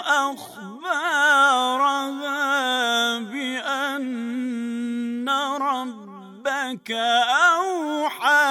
أخبارها بأن ربك أوحى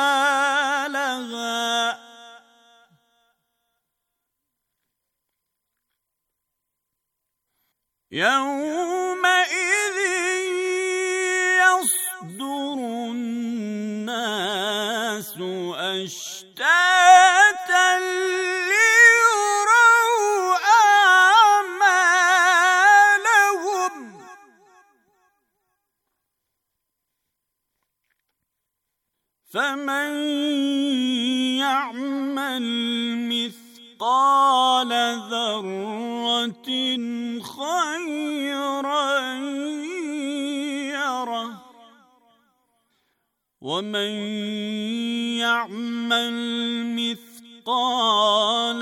فمن يعمل مثقال ذره خيرا يره ومن يعمل مثقال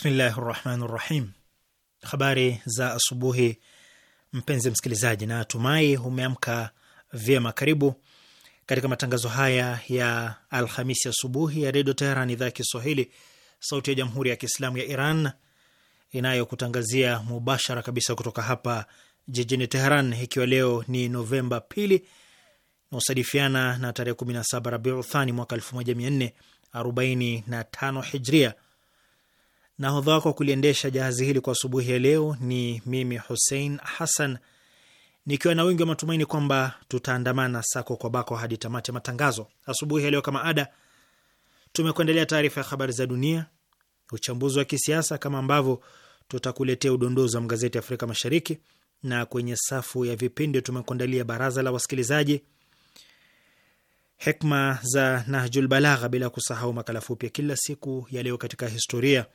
Bismillahi rahmani rahim. Habari za asubuhi, mpenzi msikilizaji, na tumai umeamka vyema. Karibu katika matangazo haya ya Alhamisi asubuhi ya Redio Teheran, idhaa ya Kiswahili, sauti ya Jamhuri ya Kiislamu ya Iran, inayokutangazia mubashara kabisa kutoka hapa jijini Teheran, ikiwa leo ni Novemba pili nausadifiana na tarehe 17 Rabiuthani mwaka 1445 Hijria Nahodha wako wa kuliendesha jahazi hili kwa asubuhi ya leo ni mimi Hussein Hassan, nikiwa na wingi wa matumaini kwamba tutaandamana sako kwa bako hadi tamati ya matangazo asubuhi ya leo. Kama ada, tumekuendelea taarifa ya habari za dunia, uchambuzi wa kisiasa, kama ambavyo tutakuletea udondozi wa magazeti ya Afrika Mashariki, na kwenye safu ya vipindi tumekuandalia baraza la wasikilizaji, hekma za Nahjul Balagha, bila kusahau makala fupi ya kila siku ya leo katika historia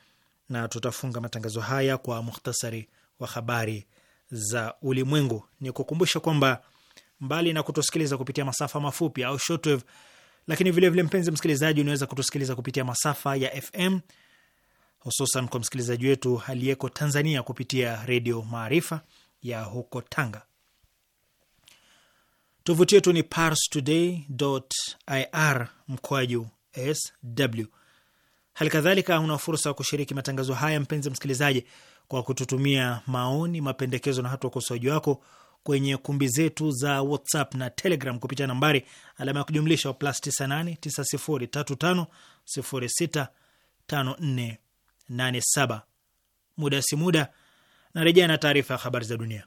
na tutafunga matangazo haya kwa muhtasari wa habari za ulimwengu. Ni kukumbusha kwamba mbali na kutusikiliza kupitia masafa mafupi au shortwave, lakini vilevile vile, mpenzi msikilizaji, unaweza kutusikiliza kupitia masafa ya FM hususan kwa msikilizaji wetu aliyeko Tanzania kupitia Redio Maarifa ya huko Tanga. Tovuti yetu ni parstoday.ir mkwaju sw hali kadhalika una fursa ya kushiriki matangazo haya, mpenzi msikilizaji, kwa kututumia maoni, mapendekezo na hata ukosoaji wako kwenye kumbi zetu za WhatsApp na Telegram kupitia nambari alama ya kujumlisha plus 989035065487. Muda si muda narejea na taarifa ya habari za dunia.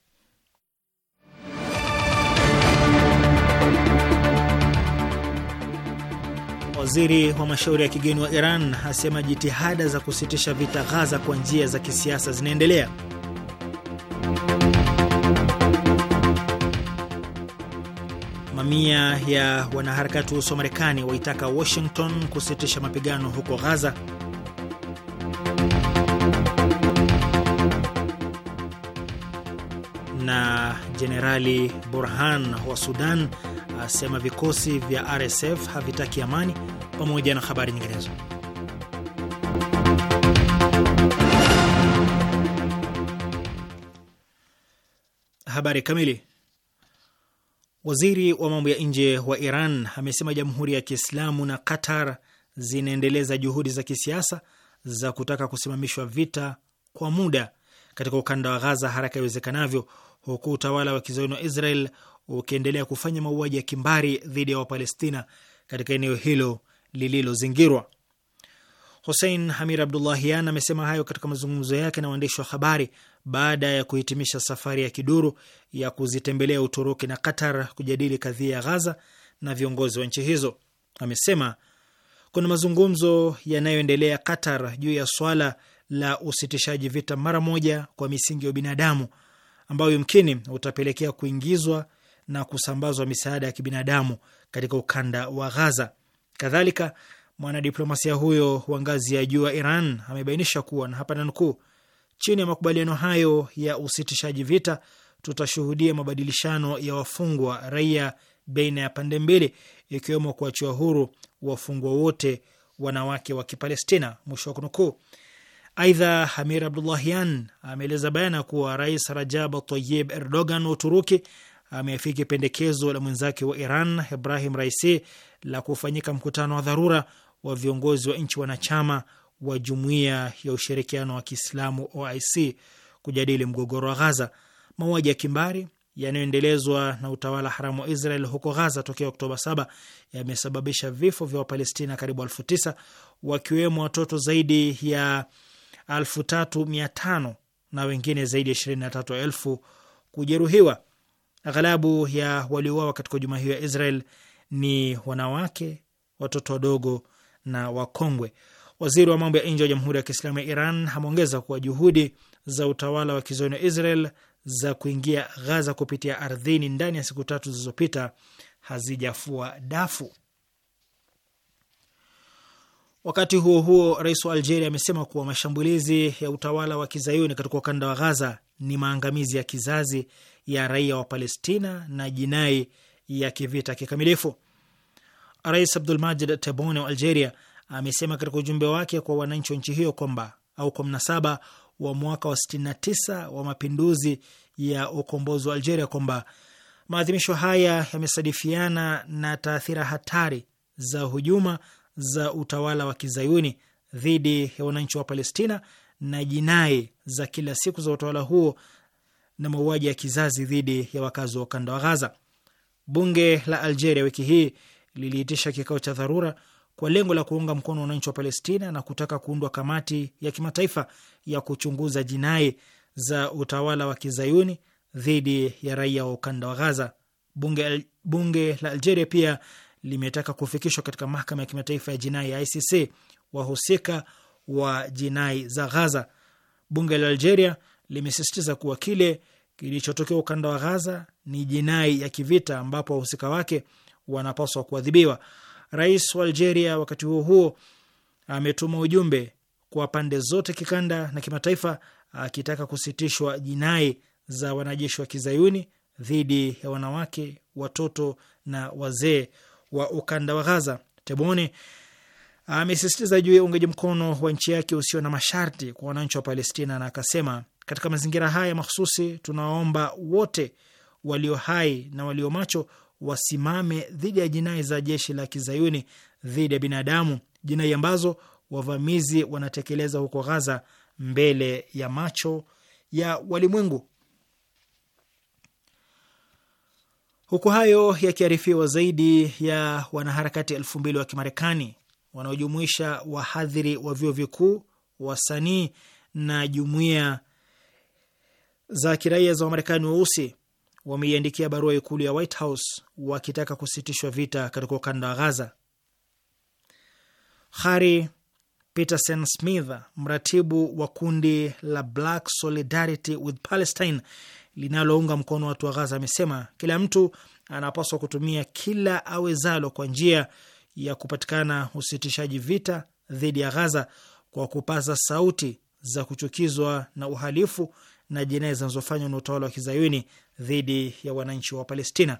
Waziri wa mashauri ya kigeni wa Iran asema jitihada za kusitisha vita Ghaza kwa njia za kisiasa zinaendelea. Mamia ya wanaharakati weusi wa Marekani waitaka Washington kusitisha mapigano huko Ghaza. Na Jenerali Burhan wa Sudan asema vikosi vya RSF havitaki amani pamoja na habari nyinginezo. Habari kamili. Waziri wa mambo ya nje wa Iran amesema Jamhuri ya Kiislamu na Qatar zinaendeleza juhudi za kisiasa za kutaka kusimamishwa vita kwa muda katika ukanda wa Ghaza haraka iwezekanavyo, huku utawala wa kizayuni wa Israel ukiendelea kufanya mauaji ya kimbari dhidi ya Wapalestina katika eneo hilo lililozingirwa. Hussein Hamir Abdullahian amesema hayo katika mazungumzo yake na waandishi wa habari baada ya kuhitimisha safari ya kiduru ya kuzitembelea Uturuki na Qatar kujadili kadhia ya Ghaza na viongozi wa nchi hizo. Amesema kuna mazungumzo yanayoendelea Qatar juu ya swala la usitishaji vita mara moja kwa misingi ya binadamu ambayo yumkini utapelekea kuingizwa na kusambazwa misaada ya kibinadamu katika ukanda wa Ghaza. Kadhalika, mwanadiplomasia huyo wa ngazi ya juu wa Iran amebainisha kuwa na hapa nanukuu, chini ya makubaliano hayo ya usitishaji vita tutashuhudia mabadilishano ya wafungwa raia baina ya pande mbili, ikiwemo kuachiwa huru wafungwa wote wanawake wa Kipalestina, mwisho wa kunukuu. Aidha, Hamir Abdullahian ameeleza bayana kuwa Rais Rajab Tayyib Erdogan wa Uturuki ameafiki pendekezo la mwenzake wa Iran Ibrahim Raisi la kufanyika mkutano wa dharura wa viongozi wa nchi wanachama wa Jumuiya ya Ushirikiano wa Kiislamu OIC kujadili mgogoro wa Ghaza. Mauaji ya kimbari yanayoendelezwa na utawala haramu wa Israel huko Ghaza tokea Oktoba 7 yamesababisha vifo vya Wapalestina karibu elfu tisa wakiwemo watoto zaidi ya elfu tatu mia tano na wengine zaidi ya 23 ishirini na tatu kujeruhiwa. Aghalabu ya waliouawa katika hujuma hiyo ya Israel ni wanawake, watoto wadogo na wakongwe. Waziri wa mambo ya nje wa Jamhuri ya Kiislamu ya Iran ameongeza kuwa juhudi za utawala wa kizoni wa Israel za kuingia Ghaza kupitia ardhini ndani ya siku tatu zilizopita hazijafua dafu. Wakati huo huo, rais wa Algeria amesema kuwa mashambulizi ya utawala wa kizayuni katika ukanda wa Ghaza ni maangamizi ya kizazi ya raia wa Palestina na jinai ya kivita kikamilifu. Rais Abdulmajid Tebboune wa Algeria amesema katika ujumbe wake kwa wananchi wa nchi hiyo kwamba au kwa mnasaba wa mwaka wa 69 wa mapinduzi ya ukombozi wa Algeria kwamba maadhimisho haya yamesadifiana na taathira hatari za hujuma za utawala wa kizayuni dhidi ya wananchi wa Palestina na jinai za kila siku za utawala huo na mauaji ya kizazi dhidi ya wakazi wa ukanda wa Gaza. Bunge la Algeria wiki hii liliitisha kikao cha dharura kwa lengo la kuunga mkono wananchi wa Palestina na kutaka kuundwa kamati ya kimataifa ya kuchunguza jinai za utawala wa kizayuni dhidi ya raia wa ukanda wa Gaza. Bunge, bunge la Algeria pia limetaka kufikishwa katika mahakama ya kimataifa ya jinai ya ICC wahusika wa jinai za Ghaza. Bunge la Algeria limesisitiza kuwa kile kilichotokea ukanda wa Ghaza ni jinai ya kivita ambapo wahusika wake wanapaswa kuadhibiwa. Rais wa Algeria wakati huo huo ametuma ujumbe kwa pande zote kikanda na kimataifa akitaka kusitishwa jinai za wanajeshi wa kizayuni dhidi ya wanawake, watoto na wazee wa ukanda wa Ghaza. Tebone amesisitiza juu ya uungaji mkono wa nchi yake usio na masharti kwa wananchi wa Palestina, na akasema katika mazingira haya mahususi, tunawaomba wote walio hai na walio macho wasimame dhidi ya jinai za jeshi la kizayuni dhidi ya binadamu, jinai ambazo wavamizi wanatekeleza huko Ghaza mbele ya macho ya walimwengu. Huku hayo yakiarifiwa, zaidi ya wanaharakati elfu mbili wa Kimarekani wanaojumuisha wahadhiri wa vyuo vikuu, wasanii na jumuiya za kiraia za Wamarekani weusi wameiandikia barua ikulu ya White House wakitaka kusitishwa vita katika ukanda wa Gaza. Hari Peterson Smith, mratibu wa kundi la Black Solidarity with Palestine linalounga mkono watu wa Gaza, amesema kila mtu anapaswa kutumia kila awezalo kwa njia ya kupatikana usitishaji vita dhidi ya Ghaza kwa kupaza sauti za kuchukizwa na uhalifu na jinai zinazofanywa na utawala wa kizayuni dhidi ya wananchi wa Palestina.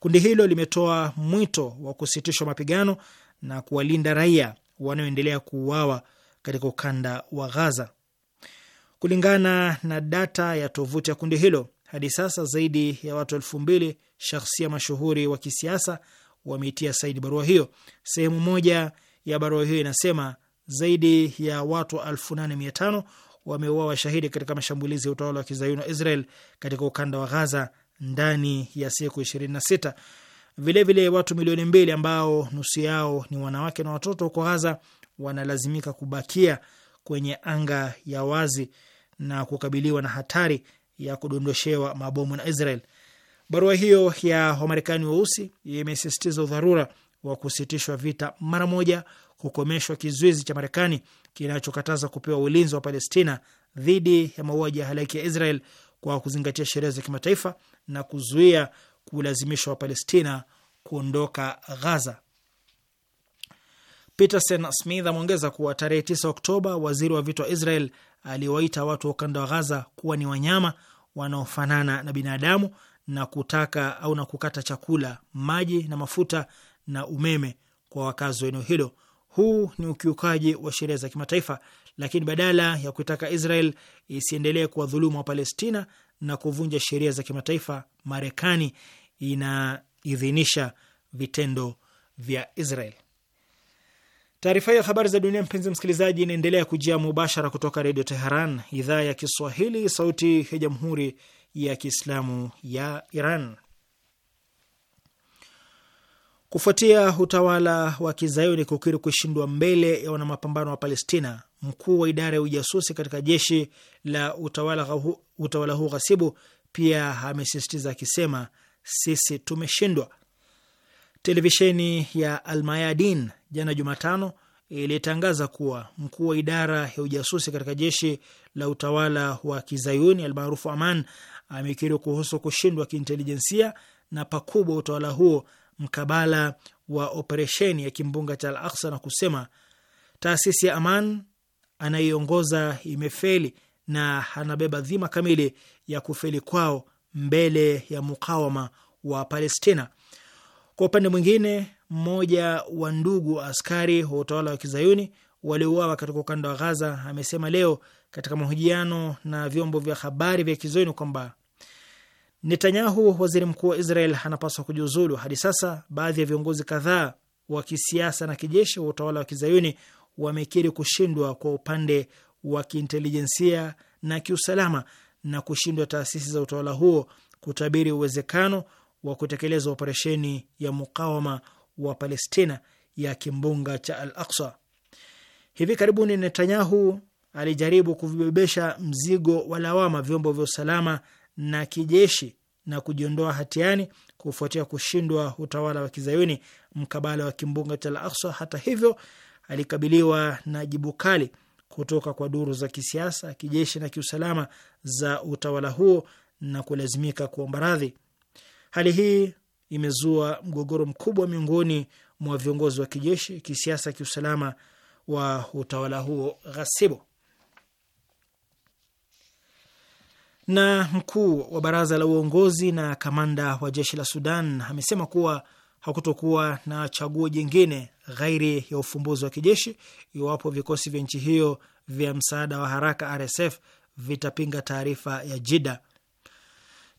Kundi hilo limetoa mwito wa kusitishwa mapigano na kuwalinda raia wanaoendelea kuuawa katika ukanda wa Ghaza. Kulingana na data ya tovuti ya kundi hilo, hadi sasa zaidi ya watu elfu mbili shahsia mashuhuri wa kisiasa wameitia saidi barua hiyo. Sehemu moja ya barua hiyo inasema zaidi ya watu elfu nane mia tano wameuawa washahidi katika mashambulizi ya utawala wa kizayuni wa Israel katika ukanda wa Ghaza ndani ya siku ishirini na sita. Vilevile watu milioni mbili ambao nusu yao ni wanawake na watoto huko Ghaza wanalazimika kubakia kwenye anga ya wazi na kukabiliwa na hatari ya kudondoshewa mabomu na Israel. Barua hiyo ya Wamarekani weusi imesisitiza udharura wa kusitishwa vita mara moja, kukomeshwa kizuizi cha Marekani kinachokataza kupewa ulinzi wa Palestina dhidi ya mauaji ya halaiki ya Israel kwa kuzingatia sheria za kimataifa na kuzuia kulazimishwa Wapalestina kuondoka Ghaza. Peterson Smith ameongeza kuwa tarehe 9 Oktoba, waziri wa vita wa Israel aliwaita watu wa ukanda wa Ghaza kuwa ni wanyama wanaofanana na binadamu na kutaka au na kukata chakula, maji na mafuta na umeme kwa wakazi wa eneo hilo. Huu ni ukiukaji wa sheria za kimataifa, lakini badala ya kuitaka Israel isiendelee kuwadhulumu wa Palestina na kuvunja sheria za kimataifa, Marekani inaidhinisha vitendo vya Israel. Taarifa hiyo habari za dunia, mpenzi msikilizaji, inaendelea kujia mubashara kutoka Redio Teheran, idhaa ya Kiswahili, sauti ya jamhuri ya Kiislamu ya Iran. Kufuatia utawala wa kizayuni kukiri kushindwa mbele ya wanamapambano wa Palestina, mkuu wa idara ya ujasusi katika jeshi la utawala huu utawala huu ghasibu pia amesisitiza akisema, sisi tumeshindwa. Televisheni ya Almayadin jana Jumatano ilitangaza kuwa mkuu wa idara ya ujasusi katika jeshi la utawala wa kizayuni almaarufu Aman amekiri kuhusu kushindwa kiintelijensia na pakubwa utawala huo mkabala wa operesheni ya kimbunga cha Al Aksa na kusema taasisi ya Aman anayeongoza imefeli na anabeba dhima kamili ya kufeli kwao mbele ya mukawama wa Palestina. Kwa upande mwingine, mmoja wa ndugu askari wa utawala wa kizayuni waliouawa katika ukanda wa Ghaza amesema leo katika mahojiano na vyombo vya habari vya kizayuni kwamba Netanyahu, waziri mkuu wa Israel, anapaswa kujiuzulu. Hadi sasa baadhi ya viongozi kadhaa wa kisiasa na kijeshi wa utawala wa kizayuni wamekiri kushindwa kwa upande wa kiintelijensia na kiusalama na kushindwa taasisi za utawala huo kutabiri uwezekano wa kutekeleza operesheni ya mukawama wa Palestina ya kimbunga cha Al Aksa. Hivi karibuni Netanyahu alijaribu kuvibebesha mzigo wa lawama vyombo vya usalama na kijeshi na kujiondoa hatiani kufuatia kushindwa utawala wa kizayuni mkabala wa kimbunga cha Al-Aqsa. Hata hivyo, alikabiliwa na jibu kali kutoka kwa duru za kisiasa, kijeshi na kiusalama za utawala huo na kulazimika kuomba radhi. Hali hii imezua mgogoro mkubwa miongoni mwa viongozi wa kijeshi, kisiasa, kiusalama wa utawala huo ghasibu. Na mkuu wa baraza la uongozi na kamanda wa jeshi la Sudan amesema kuwa hakutokuwa na chaguo jingine ghairi ya ufumbuzi wa kijeshi iwapo vikosi vya nchi hiyo vya msaada wa haraka RSF vitapinga taarifa ya Jida.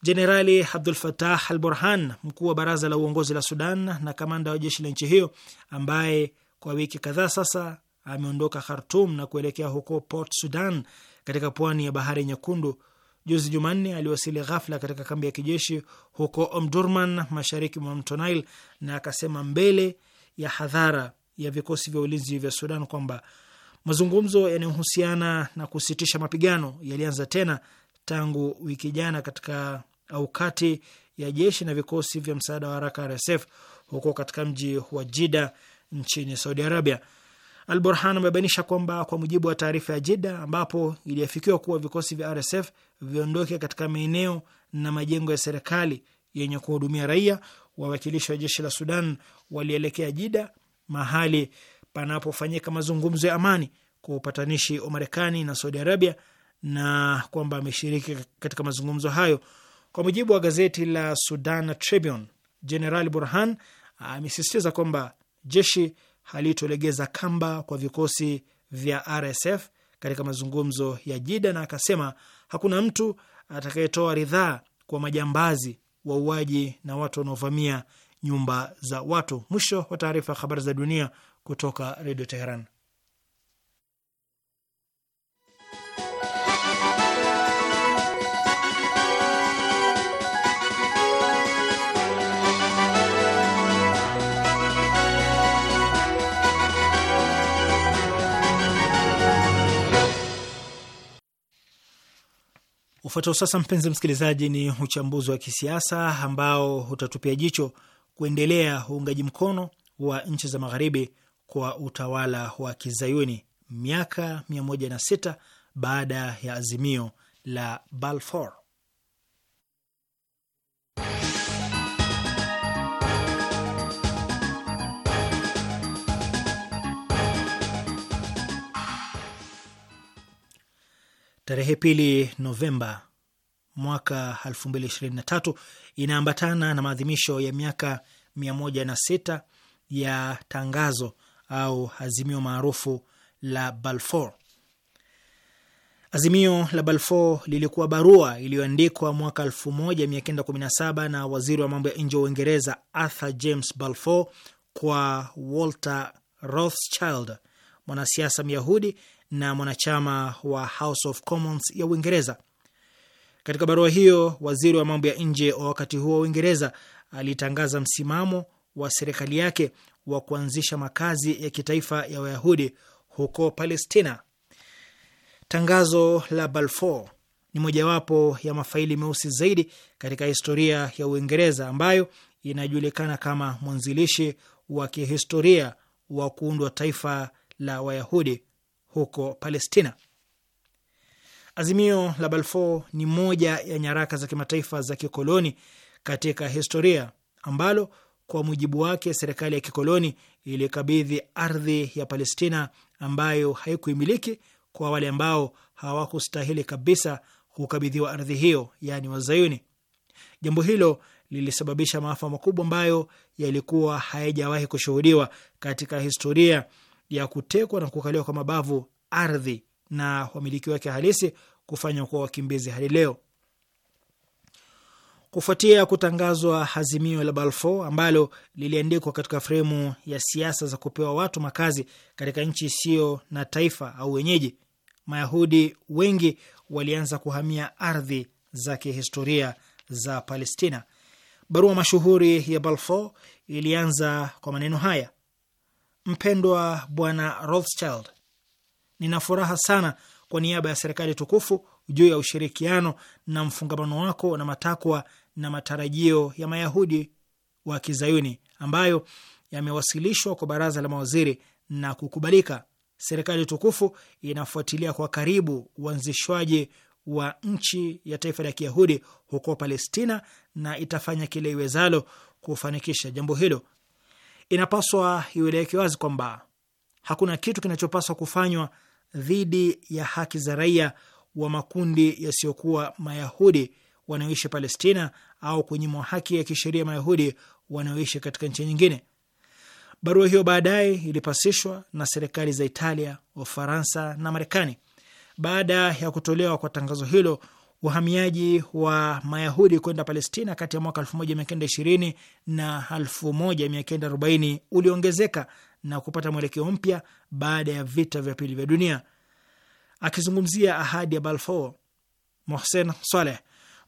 Jenerali Abdul Fatah Al Burhan, mkuu wa baraza la uongozi la Sudan na kamanda wa jeshi la nchi hiyo, ambaye kwa wiki kadhaa sasa ameondoka Khartum na kuelekea huko Port Sudan katika pwani ya bahari Nyekundu, juzi Jumanne aliwasili ghafla katika kambi ya kijeshi huko Omdurman, mashariki mwa mto Nile, na akasema mbele ya hadhara ya vikosi vya ulinzi vya Sudan kwamba mazungumzo yanayohusiana na kusitisha mapigano yalianza tena tangu wiki jana katika au kati ya jeshi na vikosi vya msaada wa haraka RSF huko katika mji wa Jida nchini Saudi Arabia. Al Burhan amebainisha kwamba kwa mujibu wa taarifa ya Jida ambapo iliafikiwa kuwa vikosi vya RSF viondoke katika maeneo na majengo ya serikali yenye kuhudumia raia, wawakilishi wa jeshi la Sudan walielekea Jida, mahali panapofanyika mazungumzo ya amani kwa upatanishi wa Marekani na Saudi Arabia, na kwamba ameshiriki katika mazungumzo hayo. Kwa mujibu wa gazeti la Sudan Tribune, Jeneral Burhan amesisitiza kwamba jeshi halitolegeza kamba kwa vikosi vya RSF katika mazungumzo ya Jida, na akasema hakuna mtu atakayetoa ridhaa kwa majambazi, wauaji na watu wanaovamia nyumba za watu. Mwisho wa taarifa ya habari za dunia kutoka Redio Teheran. Ufuatao sasa, mpenzi msikilizaji, ni uchambuzi wa kisiasa ambao utatupia jicho kuendelea uungaji mkono wa nchi za magharibi kwa utawala wa kizayuni miaka 106 baada ya azimio la Balfour. tarehe pili Novemba mwaka tatu inaambatana na maadhimisho ya miaka sita ya tangazo au azimio maarufu la Balfour. Azimio la Balfour lilikuwa barua iliyoandikwa mwaka 1917 na waziri wa mambo ya nje wa Uingereza Arthur James Balfour kwa Walter Rothschild, mwanasiasa Myahudi na mwanachama wa House of Commons ya Uingereza. Katika barua hiyo, waziri wa mambo ya nje wa wakati huo wa Uingereza alitangaza msimamo wa serikali yake wa kuanzisha makazi ya kitaifa ya Wayahudi huko Palestina. Tangazo la Balfour ni mojawapo ya mafaili meusi zaidi katika historia ya Uingereza ambayo inajulikana kama mwanzilishi wa kihistoria wa kuundwa taifa la Wayahudi huko Palestina. Azimio la Balfour ni moja ya nyaraka za kimataifa za kikoloni katika historia ambalo kwa mujibu wake serikali ya kikoloni ilikabidhi ardhi ya Palestina ambayo haikuimiliki kwa wale ambao hawakustahili kabisa kukabidhiwa ardhi hiyo, yaani Wazayuni. Jambo hilo lilisababisha maafa makubwa ambayo yalikuwa hayajawahi kushuhudiwa katika historia ya kutekwa na kukaliwa kwa mabavu ardhi na wamiliki wake halisi kufanywa kuwa wakimbizi hadi leo. Kufuatia kutangazwa azimio la Balfour ambalo liliandikwa katika fremu ya siasa za kupewa watu makazi katika nchi isiyo na taifa au wenyeji, Mayahudi wengi walianza kuhamia ardhi za kihistoria za Palestina. Barua mashuhuri ya Balfour ilianza kwa maneno haya: Mpendwa Bwana Rothschild, nina furaha sana kwa niaba ya serikali tukufu juu ya ushirikiano na mfungamano wako na matakwa na matarajio ya Mayahudi wa kizayuni ambayo yamewasilishwa kwa baraza la mawaziri na kukubalika. Serikali tukufu inafuatilia kwa karibu uanzishwaji wa nchi ya taifa la kiyahudi huko Palestina na itafanya kile iwezalo kufanikisha jambo hilo. Inapaswa iweleweke wazi kwamba hakuna kitu kinachopaswa kufanywa dhidi ya haki za raia wa makundi yasiyokuwa Mayahudi wanaoishi Palestina au kunyimwa haki ya kisheria Mayahudi wanaoishi katika nchi nyingine. Barua hiyo baadaye ilipasishwa na serikali za Italia, Ufaransa na Marekani. Baada ya kutolewa kwa tangazo hilo, uhamiaji wa Mayahudi kwenda Palestina kati ya mwaka 1920 na 1940 uliongezeka na kupata mwelekeo mpya baada ya vita vya pili vya dunia. Akizungumzia ahadi ya Balfour, Mohsen Saleh,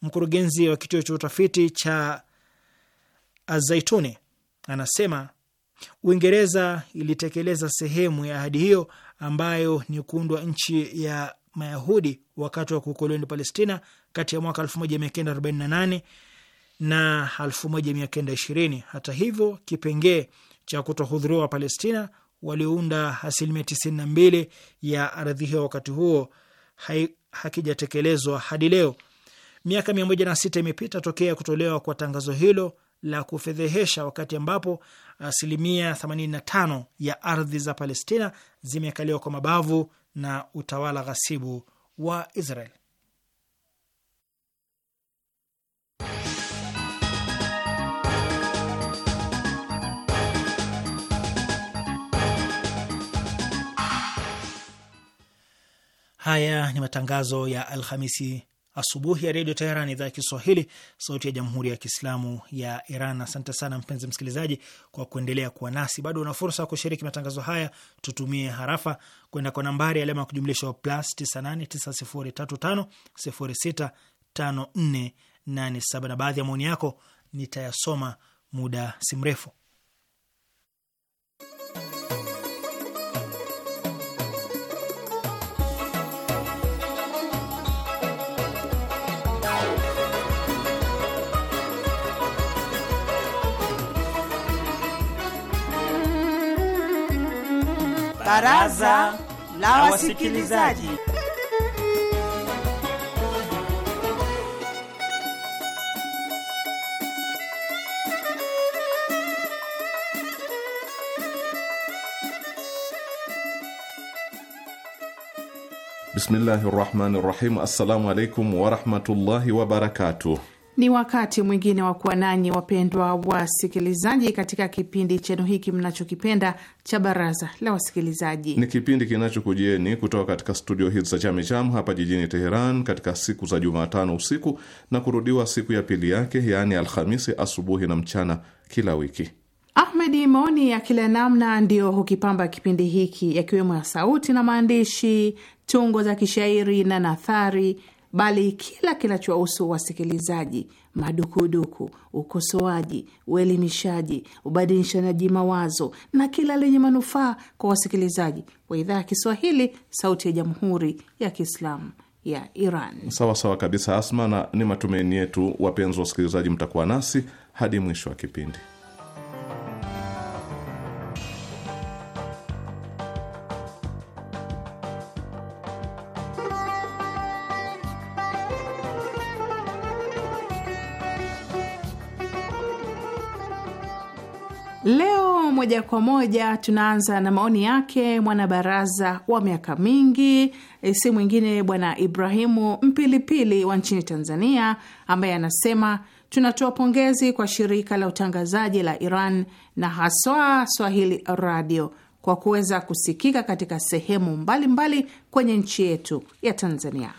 mkurugenzi wa kituo cha utafiti cha Azaituni, anasema Uingereza ilitekeleza sehemu ya ahadi hiyo ambayo ni kuundwa nchi ya Mayahudi wakati wa kukoloni Palestina kati ya mwaka 1948 na 1920. Hata hivyo, kipengee cha kutohudhuriwa wa Palestina waliounda asilimia 92 ya ardhi hiyo wakati huo hakijatekelezwa hadi leo. Miaka 106 imepita tokea kutolewa kwa tangazo hilo la kufedhehesha, wakati ambapo asilimia 85 ya ardhi za Palestina zimekaliwa kwa mabavu na utawala ghasibu wa Israel. Haya ni matangazo ya Alhamisi asubuhi ya Redio Teheran, idhaa ya Kiswahili, sauti ya Jamhuri ya Kiislamu ya Iran. Asante sana mpenzi msikilizaji kwa kuendelea kuwa nasi. Bado una fursa ya kushiriki matangazo haya, tutumie harafa kwenda kwa nambari alama ya kujumlisha plus 989035065487 na baadhi ya maoni yako nitayasoma muda si mrefu. Baraza la Wasikilizaji. Bismillahi rahmani rahim. Assalamu alaikum warahmatullahi wabarakatuh. Ni wakati mwingine wa kuwa nanyi wapendwa wasikilizaji, katika kipindi chenu hiki mnachokipenda cha baraza la wasikilizaji. Ni kipindi kinachokujieni kutoka katika studio hizi za Chamicham hapa jijini Teheran katika siku za Jumatano usiku na kurudiwa siku ya pili yake, yaani Alhamisi asubuhi na mchana kila wiki. Ahmedi, maoni ya kila namna ndiyo hukipamba kipindi hiki, yakiwemo ya sauti na maandishi, tungo za kishairi na nathari bali kila kinachowahusu wasikilizaji: madukuduku, ukosoaji, uelimishaji, ubadilishanaji mawazo na kila lenye manufaa kwa wasikilizaji wa idhaa ya Kiswahili, Sauti ya Jamhuri ya Kiislamu ya Iran. Sawa sawa kabisa, Asma, na ni matumaini yetu wapenzi wa wasikilizaji mtakuwa nasi hadi mwisho wa kipindi. Leo moja kwa moja tunaanza na maoni yake mwanabaraza wa miaka mingi, eh, si mwingine Bwana Ibrahimu Mpilipili wa nchini Tanzania, ambaye anasema tunatoa pongezi kwa shirika la utangazaji la Iran na haswa Swahili Radio kwa kuweza kusikika katika sehemu mbalimbali mbali kwenye nchi yetu ya Tanzania.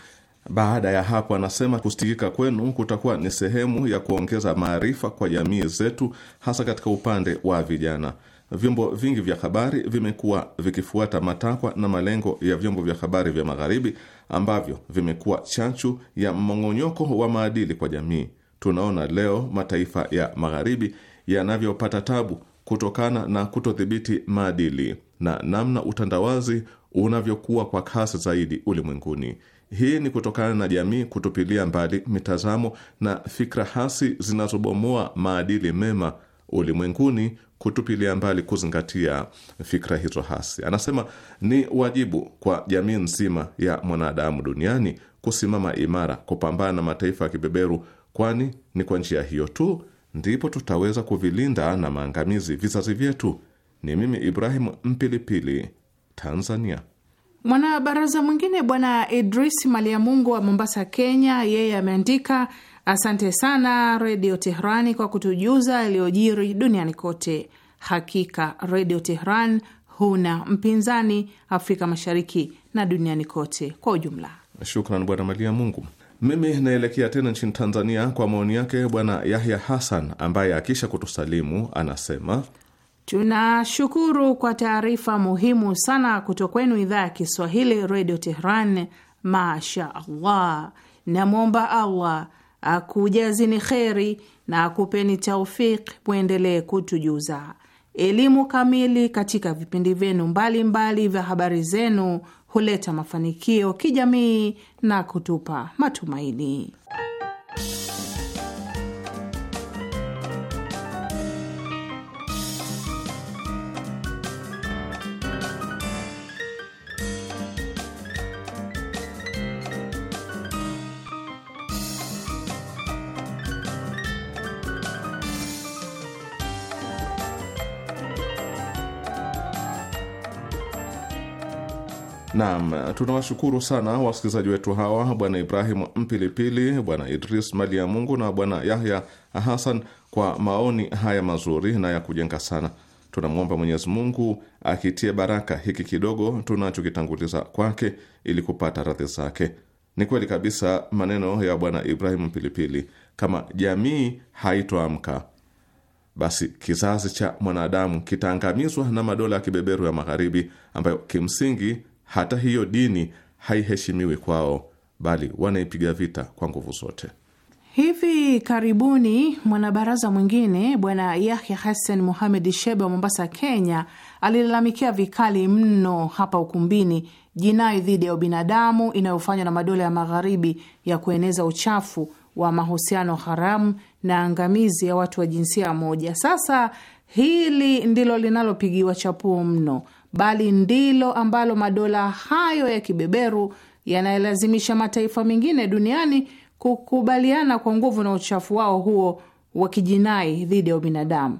Baada ya hapo, anasema kusikika kwenu kutakuwa ni sehemu ya kuongeza maarifa kwa jamii zetu, hasa katika upande wa vijana. Vyombo vingi vya habari vimekuwa vikifuata matakwa na malengo ya vyombo vya habari vya Magharibi ambavyo vimekuwa chachu ya mmong'onyoko wa maadili kwa jamii. Tunaona leo mataifa ya Magharibi yanavyopata tabu kutokana na kutodhibiti maadili na namna utandawazi unavyokuwa kwa kasi zaidi ulimwenguni. Hii ni kutokana na jamii kutupilia mbali mitazamo na fikra hasi zinazobomoa maadili mema ulimwenguni, kutupilia mbali kuzingatia fikra hizo hasi. Anasema ni wajibu kwa jamii nzima ya mwanadamu duniani kusimama imara kupambana na mataifa ya kibeberu, kwani ni kwa njia hiyo tu ndipo tutaweza kuvilinda na maangamizi vizazi vyetu. Ni mimi Ibrahim Mpilipili, Tanzania. Mwanabaraza mwingine Bwana Idris Maliamungu wa Mombasa, Kenya, yeye ameandika asante sana Redio Teherani kwa kutujuza yaliyojiri duniani kote. Hakika Redio Teheran huna mpinzani Afrika Mashariki na duniani kote kwa ujumla. Shukran Bwana Maliamungu. Mimi naelekea tena nchini Tanzania kwa maoni yake Bwana Yahya Hassan ambaye akisha kutusalimu anasema Tunashukuru kwa taarifa muhimu sana kutoka kwenu idhaa ya Kiswahili redio Tehran. Masha Allah, namwomba Allah akujazini kheri na akupeni taufik, mwendelee kutujuza elimu kamili katika vipindi vyenu mbalimbali vya habari zenu. Huleta mafanikio kijamii na kutupa matumaini. Naam, tunawashukuru sana wasikilizaji wetu hawa, Bwana ibrahim Mpilipili, Bwana Idris Mali ya Mungu na Bwana Yahya Hasan kwa maoni haya mazuri na ya kujenga sana. Tunamwomba Mwenyezi Mungu akitie baraka hiki kidogo tunachokitanguliza kwake ili kupata radhi zake. Ni kweli kabisa maneno ya Bwana ibrahim Mpilipili, kama jamii haitoamka basi kizazi cha mwanadamu kitaangamizwa na madola ya kibeberu ya Magharibi, ambayo kimsingi hata hiyo dini haiheshimiwi kwao, bali wanaipiga vita kwa nguvu zote. Hivi karibuni mwanabaraza mwingine Bwana Yahya Hassan Muhamed Shebe wa Mombasa, Kenya, alilalamikia vikali mno hapa ukumbini jinai dhidi ya ubinadamu inayofanywa na madola ya Magharibi ya kueneza uchafu wa mahusiano haramu na angamizi ya watu wa jinsia moja. Sasa hili ndilo linalopigiwa chapuo mno bali ndilo ambalo madola hayo ya kibeberu yanayolazimisha mataifa mengine duniani kukubaliana kwa nguvu na uchafu wao huo wa kijinai dhidi ya ubinadamu.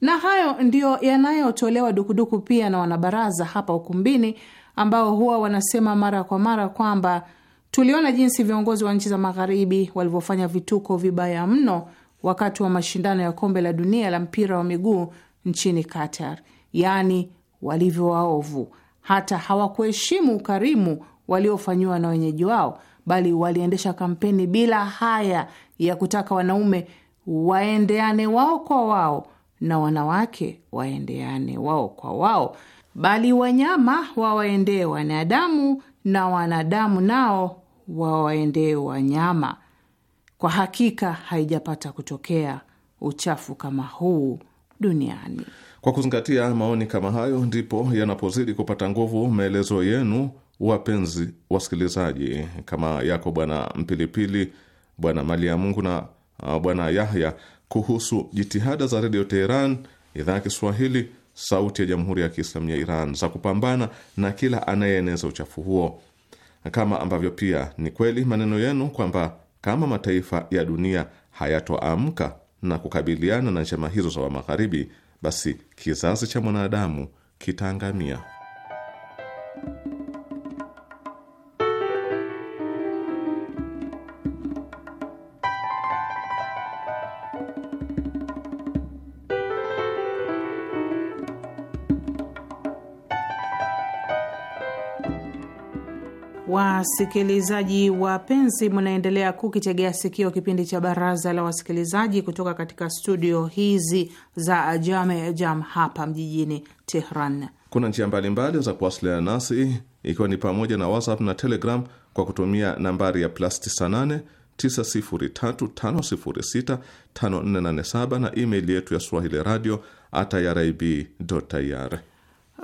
Na hayo ndiyo yanayotolewa dukuduku pia na wanabaraza hapa ukumbini, ambao huwa wanasema mara kwa mara kwamba tuliona jinsi viongozi wa nchi za magharibi walivyofanya vituko vibaya mno wakati wa mashindano ya kombe la dunia la mpira wa miguu nchini Qatar, yaani walivyo waovu, hata hawakuheshimu ukarimu waliofanyiwa na wenyeji wao, bali waliendesha kampeni bila haya ya kutaka wanaume waendeane wao kwa wao na wanawake waendeane wao kwa wao, bali wanyama wawaendee wanadamu na wanadamu nao wawaendee wanyama. Kwa hakika haijapata kutokea uchafu kama huu duniani. Kwa kuzingatia maoni kama hayo, ndipo yanapozidi kupata nguvu maelezo yenu, wapenzi wasikilizaji, kama yako Bwana Mpilipili, Bwana Mali ya Mungu na uh, Bwana Yahya kuhusu jitihada za Redio Teheran, idhaa ya Kiswahili, sauti ya Jamhuri ya Kiislamu ya Iran, za kupambana na kila anayeeneza uchafu huo, kama ambavyo pia ni kweli maneno yenu kwamba kama mataifa ya dunia hayatoamka na kukabiliana na njama hizo za Wamagharibi basi kizazi cha mwanadamu kitaangamia. Wasikilizaji wapenzi, mnaendelea kukitegea sikio kipindi cha baraza la wasikilizaji kutoka katika studio hizi za Jame Jam hapa mjijini Tehran. Kuna njia mbalimbali za kuwasiliana nasi ikiwa ni pamoja na WhatsApp na Telegram kwa kutumia nambari ya plus 98 9035065487 na email yetu ya swahili radio at irib.ir.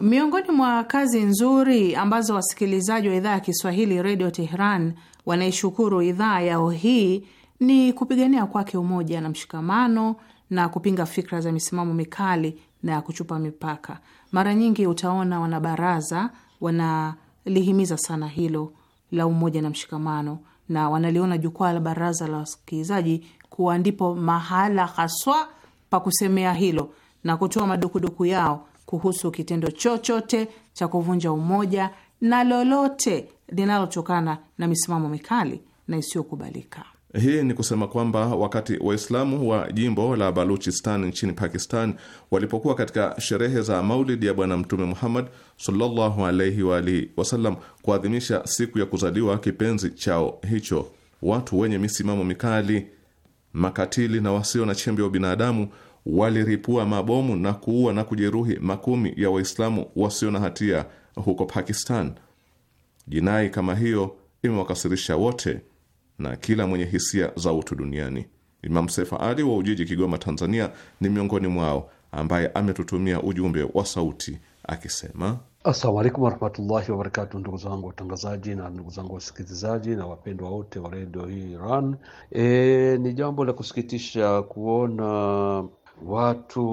Miongoni mwa kazi nzuri ambazo wasikilizaji wa idhaa ya Kiswahili redio Tehran wanaishukuru idhaa yao hii ni kupigania kwake umoja na mshikamano na kupinga fikra za misimamo mikali na kuchupa mipaka. Mara nyingi utaona wanabaraza wanalihimiza sana hilo la umoja na mshikamano, na wanaliona jukwaa la baraza la wasikilizaji kuwa ndipo mahala haswa pa kusemea hilo na kutoa madukuduku yao kuhusu kitendo chochote cha kuvunja umoja na lolote linalotokana na misimamo mikali na isiyokubalika. Hii ni kusema kwamba wakati Waislamu wa jimbo la Baluchistan nchini Pakistan walipokuwa katika sherehe za maulidi ya Bwana Mtume Muhammad sallallahu alaihi wa alihi wasallam kuadhimisha siku ya kuzaliwa kipenzi chao hicho, watu wenye misimamo mikali, makatili na wasio na chembe wa binadamu waliripua mabomu na kuua na kujeruhi makumi ya Waislamu wasio na hatia huko Pakistan. Jinai kama hiyo imewakasirisha wote na kila mwenye hisia za utu duniani. Imam Sefa Ali wa Ujiji, Kigoma, Tanzania, ni miongoni mwao ambaye ametutumia ujumbe wa sauti akisema: Assalamu alaikum warahmatullahi wabarakatu, ndugu zangu watangazaji na ndugu zangu wasikilizaji na wapendwa wote wa redio hii Iran. E, ni jambo la kusikitisha kuona Watu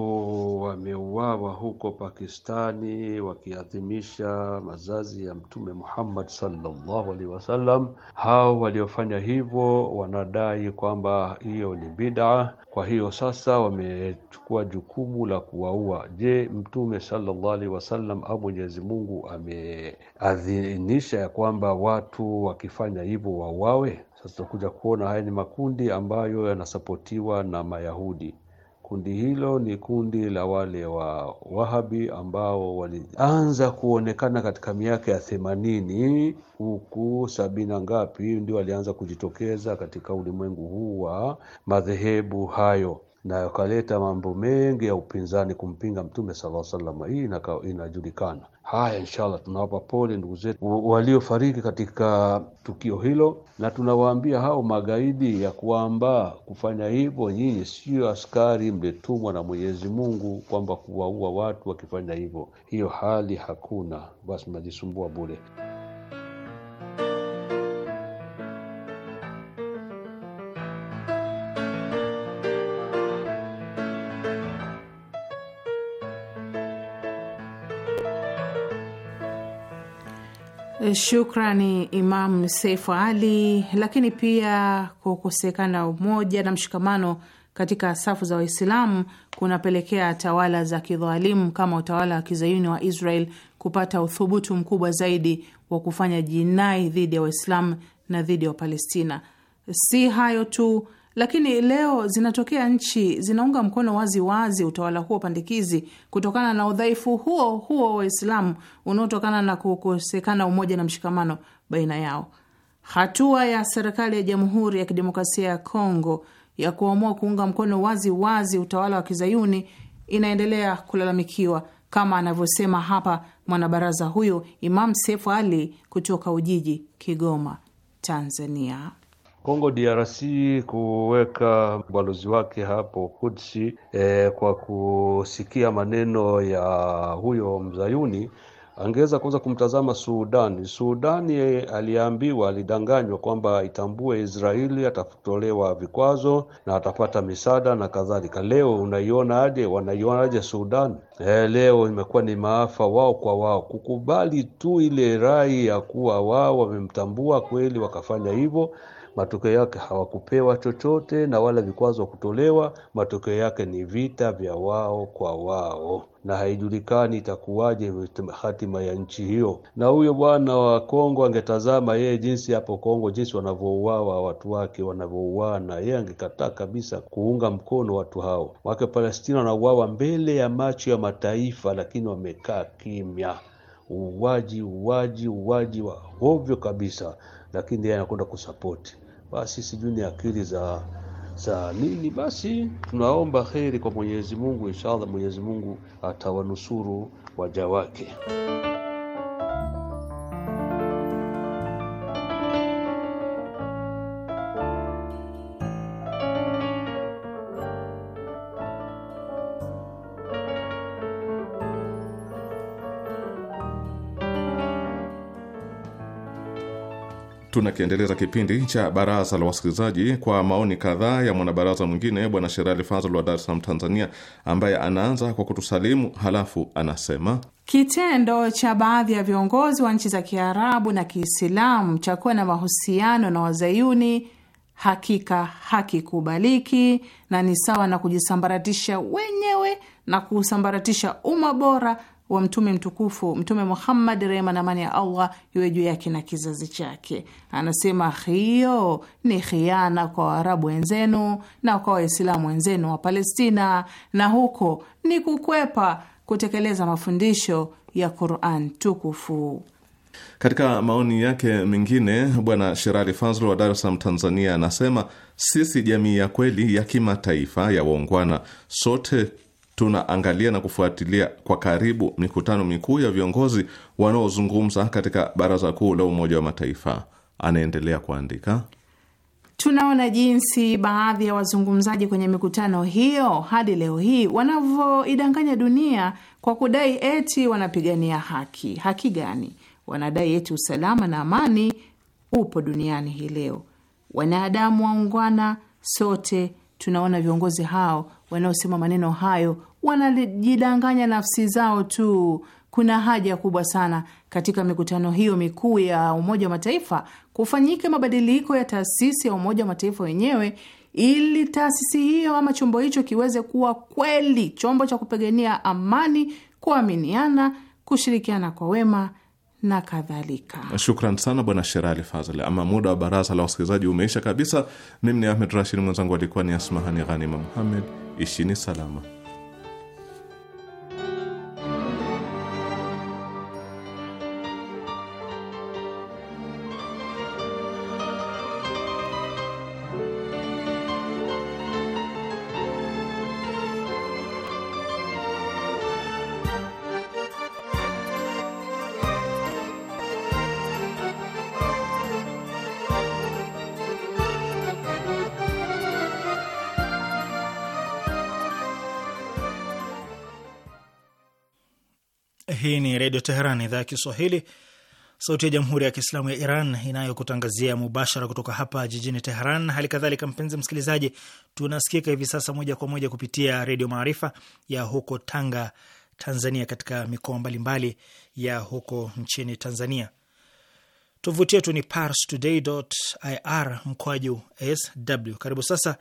wameuawa huko Pakistani wakiadhimisha mazazi ya Mtume Muhammad sallallahu alaihi wasallam. Hao waliofanya hivyo wanadai kwamba hiyo ni bid'a, kwa hiyo sasa wamechukua jukumu la kuwaua. Je, Mtume sallallahu alaihi wasallam au Mwenyezi Mungu ameadhinisha ya kwamba watu wakifanya hivyo wauawe? Sasa tutakuja kuona haya ni makundi ambayo yanasapotiwa na Mayahudi. Kundi hilo ni kundi la wale wa Wahabi ambao walianza kuonekana katika miaka ya themanini huku sabini na ngapi ndio walianza kujitokeza katika ulimwengu huu wa madhehebu hayo na yakaleta mambo mengi ya upinzani kumpinga Mtume sala salama. Hii inajulikana. Haya, inshallah tunawapa pole ndugu zetu waliofariki katika tukio hilo, na tunawaambia hao magaidi ya kwamba kufanya hivyo nyinyi sio askari mlitumwa na Mwenyezi Mungu kwamba kuwaua watu wakifanya hivyo, hiyo hali hakuna, basi mnajisumbua bure. Shukrani Imam Seifu Ali. Lakini pia kukosekana umoja na mshikamano katika safu za Waislamu kunapelekea tawala za kidhalimu kama utawala wa kizayuni wa Israel kupata uthubutu mkubwa zaidi wa kufanya jinai dhidi ya Waislamu na dhidi ya Wapalestina. Si hayo tu, lakini leo zinatokea nchi zinaunga mkono wazi wazi utawala huo pandikizi kutokana na udhaifu huo huo Waislamu unaotokana na kukosekana umoja na mshikamano baina yao. Hatua ya serikali ya Jamhuri ya Kidemokrasia ya Kongo ya kuamua kuunga mkono wazi wazi utawala wa kizayuni inaendelea kulalamikiwa kama anavyosema hapa mwanabaraza huyo Imam Sefu Ali kutoka Ujiji, Kigoma, Tanzania. Kongo DRC kuweka balozi wake hapo Kudsi eh, kwa kusikia maneno ya huyo mzayuni angeweza kuanza kumtazama Sudani. Sudani aliambiwa, alidanganywa kwamba itambue Israeli, atatolewa vikwazo na atapata misaada na kadhalika. Leo unaionaje? Wanaionaje Sudani? E, eh, leo imekuwa ni maafa wao kwa wao, kukubali tu ile rai ya kuwa wao wamemtambua kweli, wakafanya hivyo matokeo yake hawakupewa chochote na wala vikwazo kutolewa. Matokeo yake ni vita vya wao kwa wao, na haijulikani itakuwaje hatima ya nchi hiyo. Na huyo bwana wa Kongo angetazama yeye jinsi hapo Kongo, jinsi wanavyouawa watu wake wanavyouana, yeye angekataa kabisa kuunga mkono watu hao. Wake Palestina wanauawa mbele ya macho ya mataifa, lakini wamekaa kimya. Uwaji, uwaji, uwaji wa hovyo kabisa, lakini yeye anakwenda kusapoti basi sijui ni akili za za nini. Basi tunaomba heri kwa Mwenyezi Mungu, inshallah Mwenyezi Mungu atawanusuru waja wake. tunakiendeleza kipindi cha baraza la wasikilizaji kwa maoni kadhaa ya mwanabaraza mwingine bwana Sherali Fazl wa Dar es Salaam, Tanzania, ambaye anaanza kwa kutusalimu halafu anasema kitendo cha baadhi ya viongozi wa nchi za Kiarabu na Kiislamu cha kuwa na mahusiano na wazayuni hakika hakikubaliki na ni sawa na kujisambaratisha wenyewe na kusambaratisha umma bora wa mtume mtukufu Mtume Muhammad, rehma na amani ya Allah iwe juu yake na kizazi chake. Anasema hiyo ni khiana kwa Waarabu wenzenu na kwa Waislamu wenzenu wa Palestina, na huko ni kukwepa kutekeleza mafundisho ya Quran tukufu. Katika maoni yake mengine, Bwana Sherali Fazl wa Dar es Salaam, Tanzania, anasema sisi jamii ya kweli ya kimataifa ya waungwana, sote tunaangalia na kufuatilia kwa karibu mikutano mikuu ya viongozi wanaozungumza katika Baraza Kuu la Umoja wa Mataifa. Anaendelea kuandika, tunaona jinsi baadhi ya wazungumzaji kwenye mikutano hiyo hadi leo hii wanavyoidanganya dunia kwa kudai eti wanapigania haki. Haki gani? Wanadai eti usalama na amani upo duniani hii leo. Wanadamu waungwana, sote tunaona viongozi hao wanaosema maneno hayo wanajidanganya nafsi zao tu. Kuna haja kubwa sana katika mikutano hiyo mikuu ya Umoja wa Mataifa kufanyika mabadiliko ya taasisi ya Umoja wa Mataifa wenyewe ili taasisi hiyo ama chombo hicho kiweze kuwa kweli chombo cha kupigania amani, kuaminiana, kushirikiana kwa wema na kadhalika. Shukran sana Bwana Sherali Fazl. Ama muda wa baraza la wasikilizaji umeisha kabisa. Mimi ni Ahmed Rashid, mwenzangu alikuwa ni Asmahani Ghanima Muhammed. Ishini salama. Hii ni Redio Teheran, idhaa ya Kiswahili, sauti ya Jamhuri ya Kiislamu ya Iran inayokutangazia mubashara kutoka hapa jijini Teheran. Hali kadhalika, mpenzi msikilizaji, tunasikika hivi sasa moja kwa moja kupitia Redio Maarifa ya huko Tanga, Tanzania, katika mikoa mbalimbali ya huko nchini Tanzania. Tovuti yetu ni parstoday.ir mkoaju sw. Karibu sasa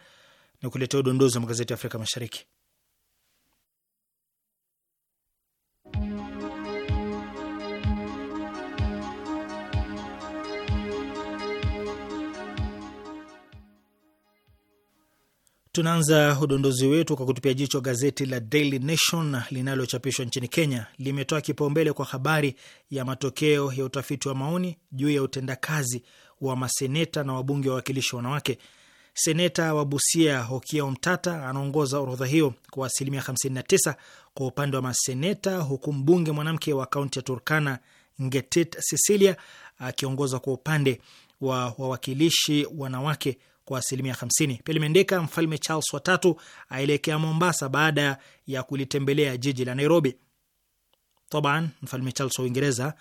ni kuletea udondozi wa magazeti ya Afrika Mashariki. Tunaanza udondozi wetu kwa kutupia jicho gazeti la Daily Nation linalochapishwa nchini Kenya. Limetoa kipaumbele kwa habari ya matokeo ya utafiti wa maoni juu ya utendakazi wa maseneta na wabunge wa wakilishi wanawake. Seneta wa Busia Hokia Omtata anaongoza orodha hiyo kwa asilimia 59 kwa upande wa maseneta, huku mbunge mwanamke wa kaunti ya Turkana Ngetit Cecilia akiongoza kwa upande wa wawakilishi wanawake kwa asilimia 50. Pia limeandika Mfalme Charles watatu aelekea Mombasa baada ya kulitembelea jiji la Nairobi. Taban, Mfalme Charles wa Uingereza.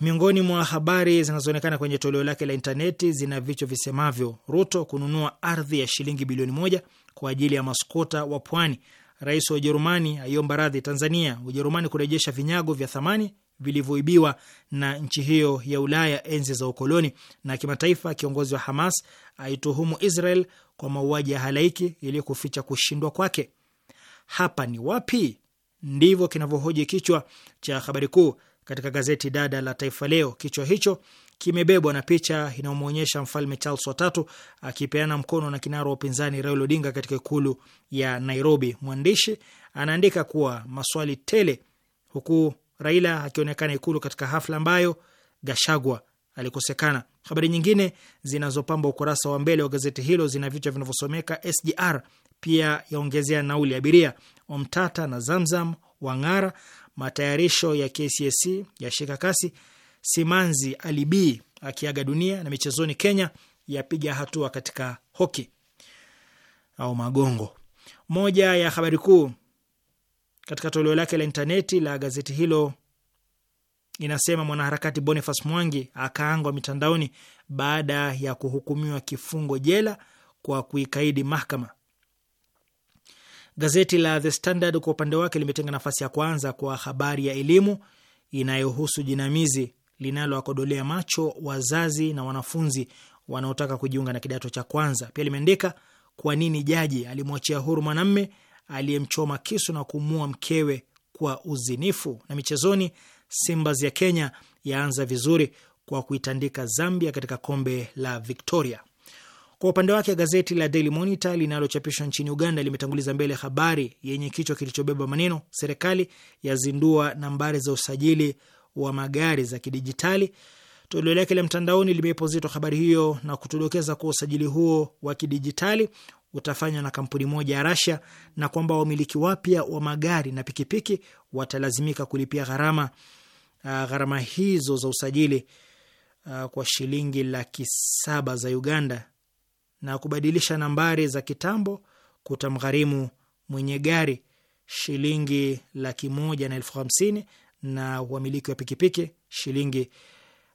Miongoni mwa habari zinazoonekana kwenye toleo lake la intaneti zina vichwa visemavyo: Ruto kununua ardhi ya shilingi bilioni moja kwa ajili ya maskota wa pwani. Rais wa Ujerumani aiomba radhi Tanzania. Ujerumani kurejesha vinyago vya thamani vilivyoibiwa na nchi hiyo ya Ulaya enzi za ukoloni. Na kimataifa, kiongozi wa Hamas aituhumu Israel kwa mauaji ya halaiki ili kuficha kushindwa kwake. Hapa ni wapi? Ndivyo kinavyohoji kichwa cha habari kuu katika gazeti dada la Taifa Leo. Kichwa hicho kimebebwa na picha inayomwonyesha Mfalme Charles watatu akipeana mkono na kinara wa upinzani Raila Odinga katika ikulu ya Nairobi. Mwandishi anaandika kuwa maswali tele, huku Raila akionekana Ikulu katika hafla ambayo Gashagwa alikosekana. Habari nyingine zinazopamba ukurasa wa mbele wa gazeti hilo zina vichwa vinavyosomeka SGR pia yaongezea nauli abiria, Omtata na Zamzam wang'ara, matayarisho ya KCSE yashika kasi, Simanzi alibii akiaga dunia, na michezoni, Kenya yapiga hatua katika hoki au magongo. Moja ya habari kuu katika toleo lake la intaneti la gazeti hilo inasema mwanaharakati Boniface Mwangi akaangwa mitandaoni baada ya kuhukumiwa kifungo jela kwa kuikaidi mahakama. Gazeti la The Standard kwa upande wake limetenga nafasi ya kwanza kwa habari ya elimu inayohusu jinamizi linalowakodolea macho wazazi na wanafunzi wanaotaka kujiunga na kidato cha kwanza. Pia limeandika kwa nini jaji alimwachia huru mwanamme aliyemchoma kisu na kumua mkewe kwa uzinifu. Na michezoni, Simbas ya Kenya yaanza vizuri kwa kuitandika Zambia katika kombe la Victoria. Kwa upande wake gazeti la Daily Monitor linalochapishwa nchini Uganda limetanguliza mbele habari yenye kichwa kilichobeba maneno serikali yazindua nambari za usajili wa magari za kidijitali. Toleo lake la mtandaoni limeipa uzito habari hiyo na kutodokeza kuwa usajili huo wa kidijitali utafanywa na kampuni moja ya Rasia na kwamba wamiliki wapya wa magari na pikipiki watalazimika kulipia gharama uh, gharama hizo za usajili uh, kwa shilingi laki saba za Uganda na kubadilisha nambari za kitambo kutamgharimu mwenye gari shilingi laki moja na elfu hamsini na wamiliki wa pikipiki shilingi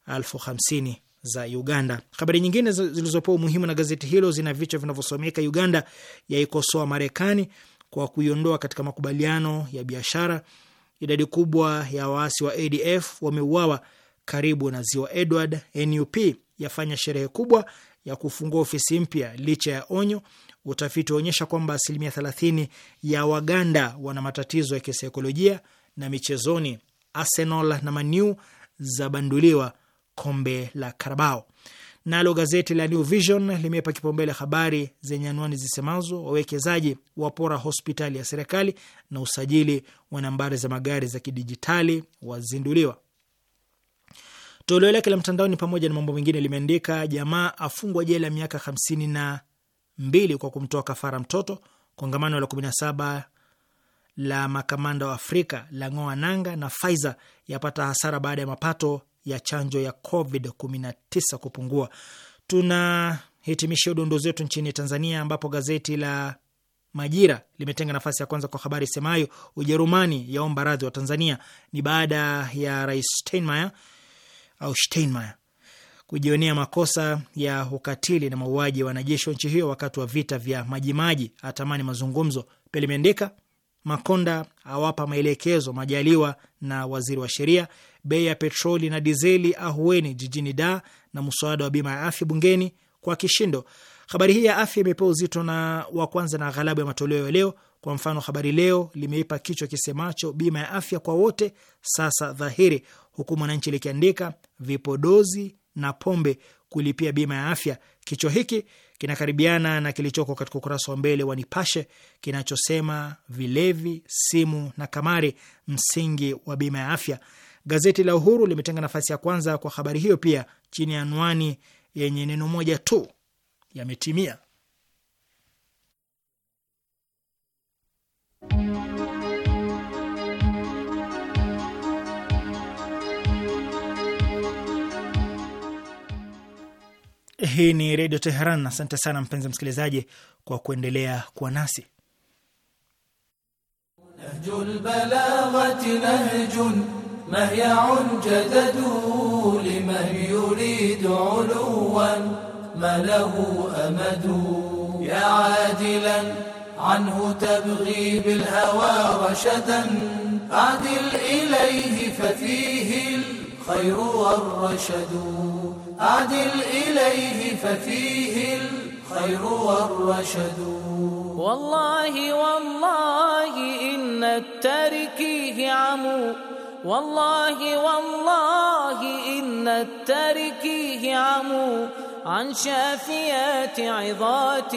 elfu hamsini za Uganda. Habari nyingine zilizopewa umuhimu na gazeti hilo zina vichwa vinavyosomeka: Uganda yaikosoa Marekani kwa kuiondoa katika makubaliano ya biashara, idadi kubwa ya waasi wa ADF wameuawa karibu na ziwa Edward, NUP yafanya sherehe kubwa ya kufungua ofisi mpya licha ya onyo, utafiti waonyesha kwamba asilimia thelathini ya Waganda wana matatizo ya kisaikolojia, na michezoni, Arsenal na Maniu zabanduliwa kombe la Karabao. Nalo gazeti la New Vision limepa kipaumbele habari zenye anwani zisemazo wawekezaji wapora hospitali ya serikali na usajili wa nambari za magari za kidijitali wazinduliwa. Toleo lake la mtandaoni pamoja na mambo mengine limeandika jamaa afungwa jela miaka hamsini na mbili kwa kumtoa kafara mtoto. Kongamano la kumi na saba la makamanda wa Afrika la ng'oa nanga, na Pfizer yapata hasara baada ya mapato ya chanjo ya COVID-19 kupungua. Tunahitimisha udondozi wetu nchini Tanzania, ambapo gazeti la Majira limetenga nafasi ya kwanza kwa habari semayo Ujerumani yaomba radhi wa Tanzania. Ni baada ya Rais Steinmeier au Steinmeier kujionea makosa ya ukatili na mauaji ya wanajeshi wa nchi hiyo wakati wa vita vya Majimaji, atamani mazungumzo. Pia limeandika Makonda awapa maelekezo Majaliwa na waziri wa sheria, bei ya petroli na dizeli ahueni jijini Da, na mswada wa bima ya afya bungeni kwa kishindo. Habari hii ya afya imepewa uzito na wa kwanza na ghalabu ya matoleo ya leo. Kwa mfano, Habari Leo limeipa kichwa kisemacho bima ya afya kwa wote sasa dhahiri, huku Mwananchi likiandika vipodozi na pombe kulipia bima ya afya. Kichwa hiki kinakaribiana na kilichoko katika ukurasa wa mbele wa Nipashe kinachosema vilevi, simu na kamari, msingi wa bima ya afya. Gazeti la Uhuru limetenga nafasi ya kwanza kwa habari hiyo pia chini ya anwani yenye neno moja tu, yametimia. Hii ni Redio Teheran. Asante sana mpenzi msikilizaji kwa kuendelea kuwa nasi. Nahjul مهيع جدد لمن يريد علوا ما له أمد يا عادلا عنه تبغي بالهوى رشدا أعدل إليه ففيه الخير والرشد أعدل إليه ففيه الخير والرشد والله والله إن التاركيه عمو والله والله إن التاركيه عمو عن شافيات عظات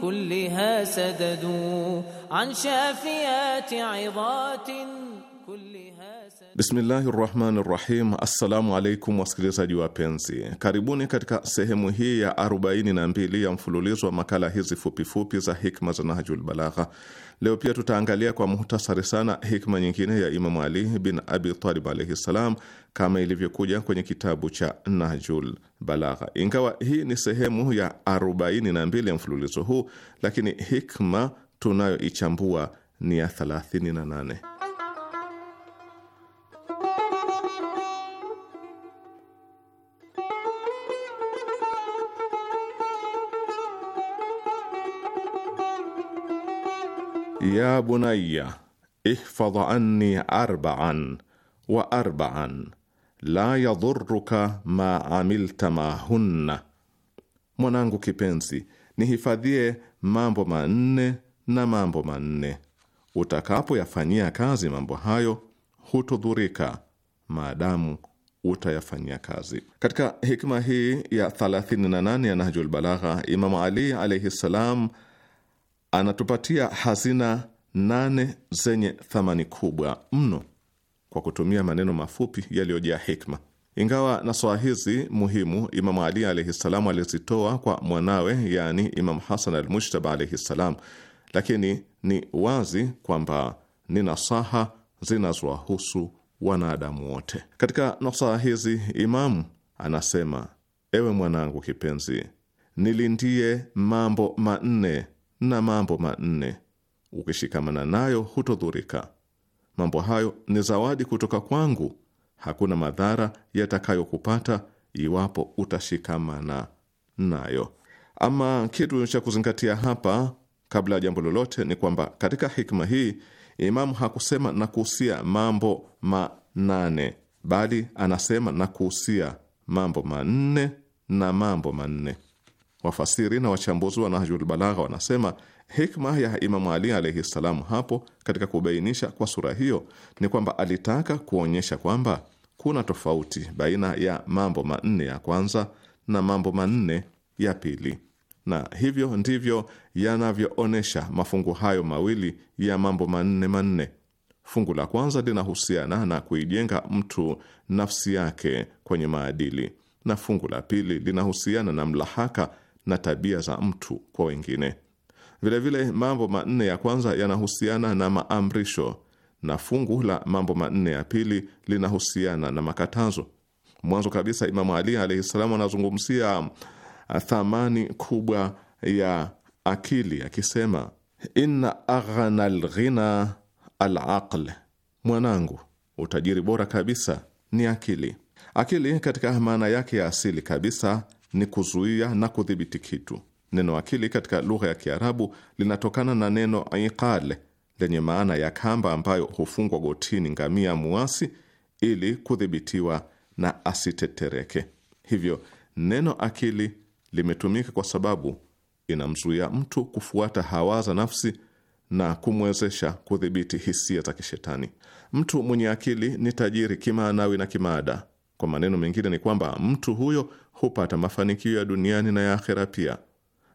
كلها سددوا عن شافيات عظات كلها Bismillahi rahmani rahim. Assalamu alaikum wasikilizaji wapenzi, karibuni katika sehemu hii ya 42 ya mfululizo wa makala hizi fupifupi za hikma za Nahjul Balagha. Leo pia tutaangalia kwa muhtasari sana hikma nyingine ya Imamu Ali bin Abi Talib alaihi ssalam, kama ilivyokuja kwenye kitabu cha Nahjul Balagha. Ingawa hii ni sehemu ya 42 ya mfululizo huu, lakini hikma tunayoichambua ni ya 38. ya bunayya ihfadh anni arba'an wa arba'an la yadhurruka ma amilta mahunna, mwanangu kipenzi, nihifadhie mambo manne na mambo manne, utakapoyafanyia kazi mambo hayo hutodhurika maadamu utayafanyia kazi. Katika hikma hii ya 38 ya Nahjul Balagha, Imamu Ali alaihi ssalam anatupatia hazina nane zenye thamani kubwa mno kwa kutumia maneno mafupi yaliyojaa hikma. Ingawa nasaha hizi muhimu Imamu Ali alaihi ssalam alizitoa kwa mwanawe, yaani Imamu Hasan Almushtaba alaihi ssalam, lakini ni wazi kwamba ni nasaha zinazowahusu wanadamu wote. Katika nasaha hizi Imamu anasema: ewe mwanangu kipenzi, nilindie mambo manne na mambo manne, ukishikamana nayo hutodhurika. Mambo hayo ni zawadi kutoka kwangu, hakuna madhara yatakayokupata iwapo utashikamana nayo. Ama kitu cha kuzingatia hapa kabla ya jambo lolote ni kwamba katika hikma hii Imamu hakusema na kuhusia mambo manane, bali anasema na kuhusia mambo manne na mambo manne. Wafasiri na wachambuzi wa Nahjul Balagha wanasema hikma ya Imamu Ali alaihi ssalam hapo katika kubainisha kwa sura hiyo ni kwamba alitaka kuonyesha kwamba kuna tofauti baina ya mambo manne ya kwanza na mambo manne ya pili, na hivyo ndivyo yanavyoonyesha mafungu hayo mawili ya mambo manne manne. Fungu la kwanza linahusiana na kuijenga mtu nafsi yake kwenye maadili, na fungu la pili linahusiana na mlahaka na tabia za mtu kwa wengine. Vilevile vile mambo manne ya kwanza yanahusiana na maamrisho na fungu la mambo manne ya pili linahusiana na makatazo. Mwanzo kabisa, Imamu Ali alaihi salamu anazungumzia ah, thamani kubwa ya akili akisema, inna aghna alghina alaql, mwanangu, utajiri bora kabisa ni akili. Akili katika maana yake ya asili kabisa ni kuzuia na kudhibiti kitu. Neno akili katika lugha ya Kiarabu linatokana na neno iqal lenye maana ya kamba ambayo hufungwa gotini ngamia muasi ili kudhibitiwa na asitetereke. Hivyo neno akili limetumika kwa sababu inamzuia mtu kufuata hawa za nafsi na kumwezesha kudhibiti hisia za kishetani. Mtu mwenye akili ni tajiri kimaanawi na kimaada. Kwa maneno mengine, ni kwamba mtu huyo hupata mafanikio ya duniani na ya akhera pia.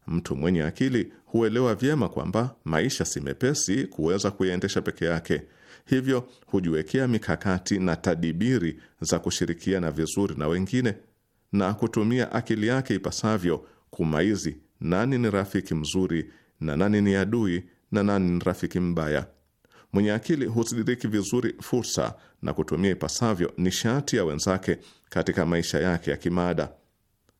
Mtu mwenye akili huelewa vyema kwamba maisha si mepesi kuweza kuyaendesha peke yake, hivyo hujiwekea mikakati na tadibiri za kushirikiana vizuri na wengine na kutumia akili yake ipasavyo kumaizi nani ni rafiki mzuri na nani ni adui na nani ni rafiki mbaya. Mwenye akili husidiriki vizuri fursa na kutumia ipasavyo nishati ya wenzake katika maisha yake ya kimaada.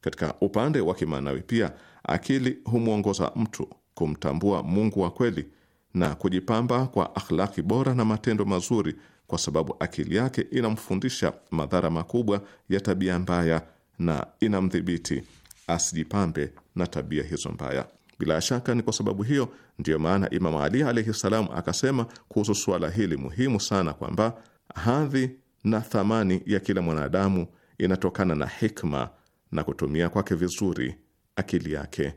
Katika upande wa kimaanawi pia, akili humwongoza mtu kumtambua Mungu wa kweli na kujipamba kwa akhlaki bora na matendo mazuri, kwa sababu akili yake inamfundisha madhara makubwa ya tabia mbaya na inamdhibiti asijipambe na tabia hizo mbaya. Bila shaka ni kwa sababu hiyo ndiyo maana Imamu Ali alaihi salam akasema kuhusu suala hili muhimu sana kwamba hadhi na thamani ya kila mwanadamu inatokana na hikma na kutumia kwake vizuri akili yake.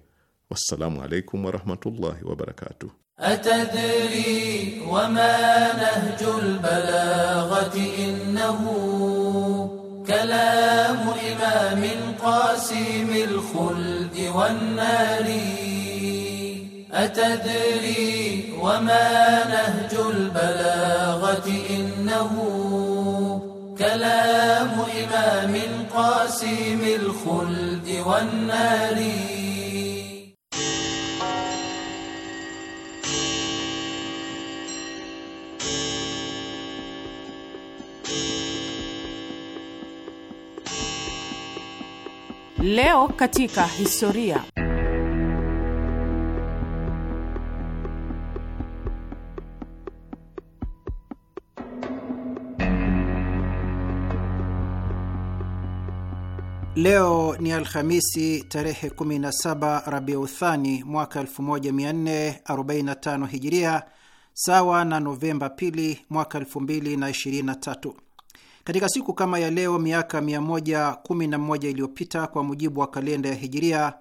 Wassalamu alaikum warahmatullahi wabarakatuh. Atadri wama nahju balaghati innahu kalamu imamin qasimil khuldi wan nari atadri wama nahjul balaghati innahu سلام إمام قاسم الخلد والنار Leo katika historia. Leo ni Alhamisi tarehe 17 Rabiuthani mwaka 1445 Hijiria, sawa na Novemba 2 mwaka 2023. Katika siku kama ya leo miaka 111 iliyopita kwa mujibu wa kalenda ya Hijiria,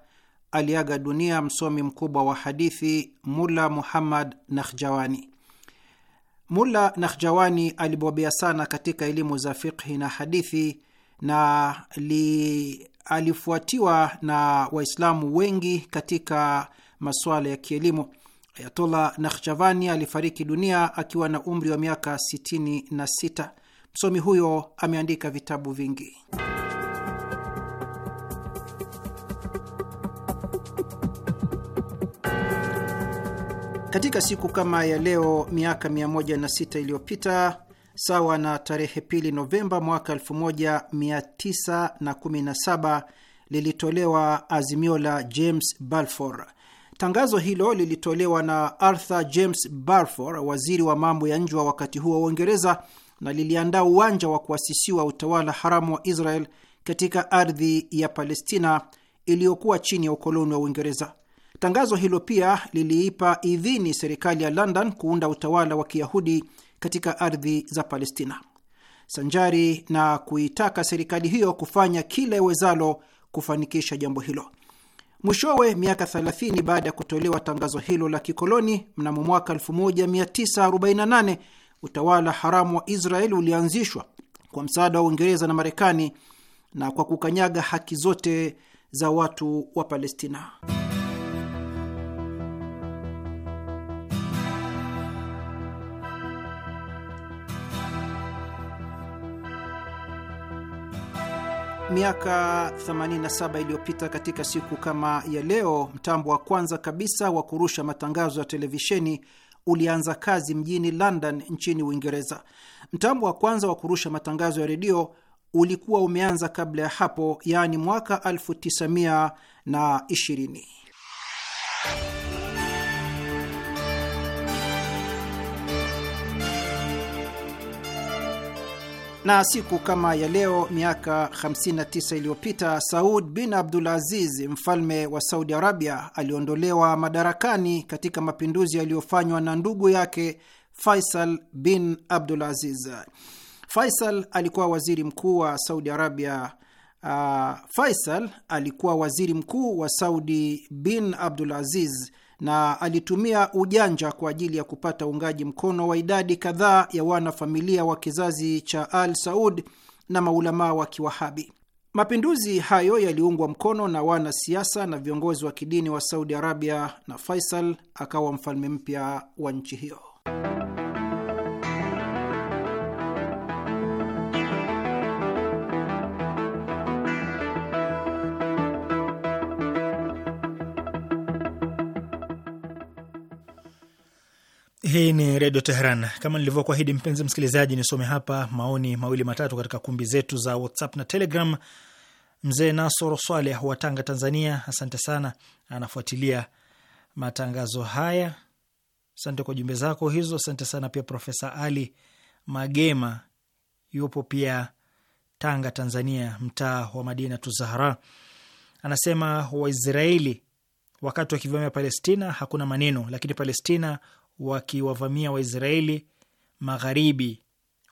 aliaga dunia msomi mkubwa wa hadithi Mula Muhammad Nakhjawani. Mula Nakhjawani alibobea sana katika elimu za fiqhi na hadithi na li, alifuatiwa na Waislamu wengi katika masuala ya kielimu. ayatola Nakhchavani alifariki dunia akiwa na umri wa miaka 66. Msomi huyo ameandika vitabu vingi. Katika siku kama ya leo miaka 106 iliyopita sawa na tarehe pili Novemba mwaka 1917 lilitolewa azimio la James Balfour. Tangazo hilo lilitolewa na Arthur James Balfour, waziri wa mambo ya nje wa wakati huo wa Uingereza, na liliandaa uwanja wa kuasisiwa utawala haramu wa Israel katika ardhi ya Palestina iliyokuwa chini ya ukoloni wa Uingereza. Tangazo hilo pia liliipa idhini serikali ya London kuunda utawala wa Kiyahudi katika ardhi za Palestina, sanjari na kuitaka serikali hiyo kufanya kila iwezalo kufanikisha jambo hilo. Mwishowe, miaka 30 baada ya kutolewa tangazo hilo la kikoloni mnamo mwaka 1948 utawala haramu wa Israeli ulianzishwa kwa msaada wa Uingereza na Marekani na kwa kukanyaga haki zote za watu wa Palestina. Miaka 87 iliyopita katika siku kama ya leo, mtambo wa kwanza kabisa wa kurusha matangazo ya televisheni ulianza kazi mjini London nchini Uingereza. Mtambo wa kwanza wa kurusha matangazo ya redio ulikuwa umeanza kabla ya hapo, yaani mwaka 1920. na siku kama ya leo miaka 59 iliyopita Saud bin abdul aziz mfalme wa Saudi Arabia, aliondolewa madarakani katika mapinduzi yaliyofanywa na ndugu yake Faisal bin Aziz. Faisal alikuwa waziri mkuu wa Saudi Arabia. Uh, Faisal alikuwa waziri mkuu wa Saudi bin abdul aziz na alitumia ujanja kwa ajili ya kupata uungaji mkono wa idadi kadhaa ya wanafamilia wa kizazi cha Al Saud na maulamaa wa Kiwahabi. Mapinduzi hayo yaliungwa mkono na wanasiasa na viongozi wa kidini wa Saudi Arabia na Faisal akawa mfalme mpya wa nchi hiyo. Hii ni Redio Teheran. Kama nilivyokuahidi, mpenzi msikilizaji, nisome hapa maoni mawili matatu katika kumbi zetu za WhatsApp na Telegram. Mzee Nasoro Swaleh wa Tanga, Tanzania, asante sana, anafuatilia matangazo haya. Asante kwa jumbe zako hizo, asante sana pia. Profesa Ali Magema yupo pia Tanga, Tanzania, mtaa wa Madina Tuzahara, anasema Waisraeli wakati wakivamia Palestina hakuna maneno, lakini Palestina wakiwavamia Waisraeli magharibi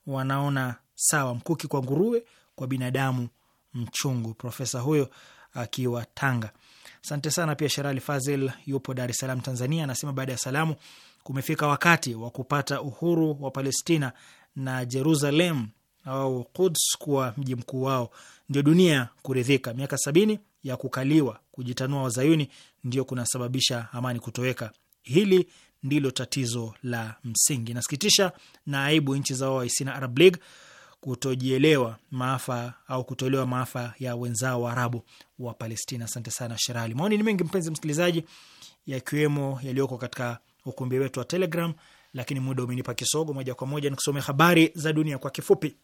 wanaona sawa mkuki kwa nguruwe, kwa binadamu mchungu. Profesa huyo akiwa Tanga. Asante sana pia. Sherali Fazil yupo Dar es Salaam, Tanzania, anasema baada ya salamu, kumefika wakati wa kupata uhuru wa Palestina na Jerusalem au Quds kuwa mji mkuu wao, ndio dunia kuridhika. Miaka sabini ya kukaliwa, kujitanua wazayuni ndio kunasababisha amani kutoweka. Hili ndilo tatizo la msingi. Nasikitisha na aibu nchi za OIC na Arab League kutojielewa maafa au kutoelewa maafa ya wenzao wa Arabu wa Palestina. Asante sana Sherali. Maoni ni mengi mpenzi msikilizaji, yakiwemo yaliyoko katika ukumbi wetu wa Telegram, lakini muda umenipa kisogo. Moja kwa moja nikusomea habari za dunia kwa kifupi.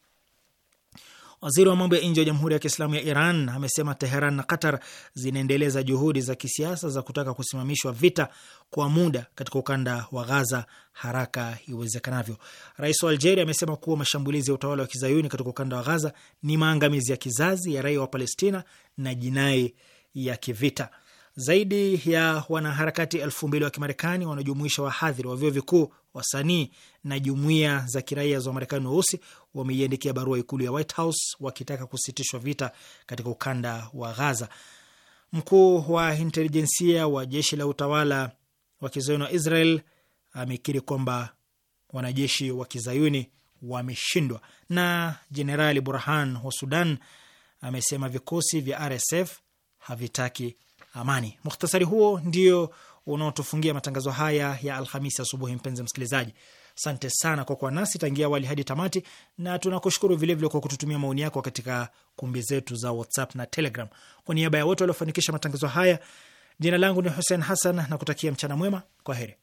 Waziri wa mambo ya nje wa Jamhuri ya Kiislamu ya Iran amesema Teheran na Qatar zinaendeleza juhudi za kisiasa za kutaka kusimamishwa vita kwa muda katika ukanda wa Ghaza haraka iwezekanavyo. Rais wa Algeria amesema kuwa mashambulizi ya utawala wa kizayuni katika ukanda wa Ghaza ni maangamizi ya kizazi ya raia wa Palestina na jinai ya kivita. Zaidi ya wanaharakati elfu mbili wa Kimarekani wanaojumuisha wahadhiri wa vyuo vikuu, wasanii na jumuiya za kiraia za Wamarekani weusi wameiandikia barua ikulu ya White House wakitaka kusitishwa vita katika ukanda wa Ghaza. Mkuu wa intelijensia wa jeshi la utawala wa kizayuni wa Israel amekiri kwamba wanajeshi wa kizayuni wameshindwa, na Jenerali Burhan wa Sudan amesema vikosi vya RSF havitaki amani. Mukhtasari huo ndio unaotufungia matangazo haya ya Alhamisi asubuhi. Mpenzi msikilizaji, asante sana kwa kuwa nasi tangia awali hadi tamati, na tunakushukuru vilevile kwa kututumia maoni yako katika kumbi zetu za WhatsApp na Telegram. Kwa niaba ya wote waliofanikisha matangazo haya, jina langu ni Hussein Hassan na kutakia mchana mwema. Kwa heri.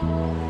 Thank you.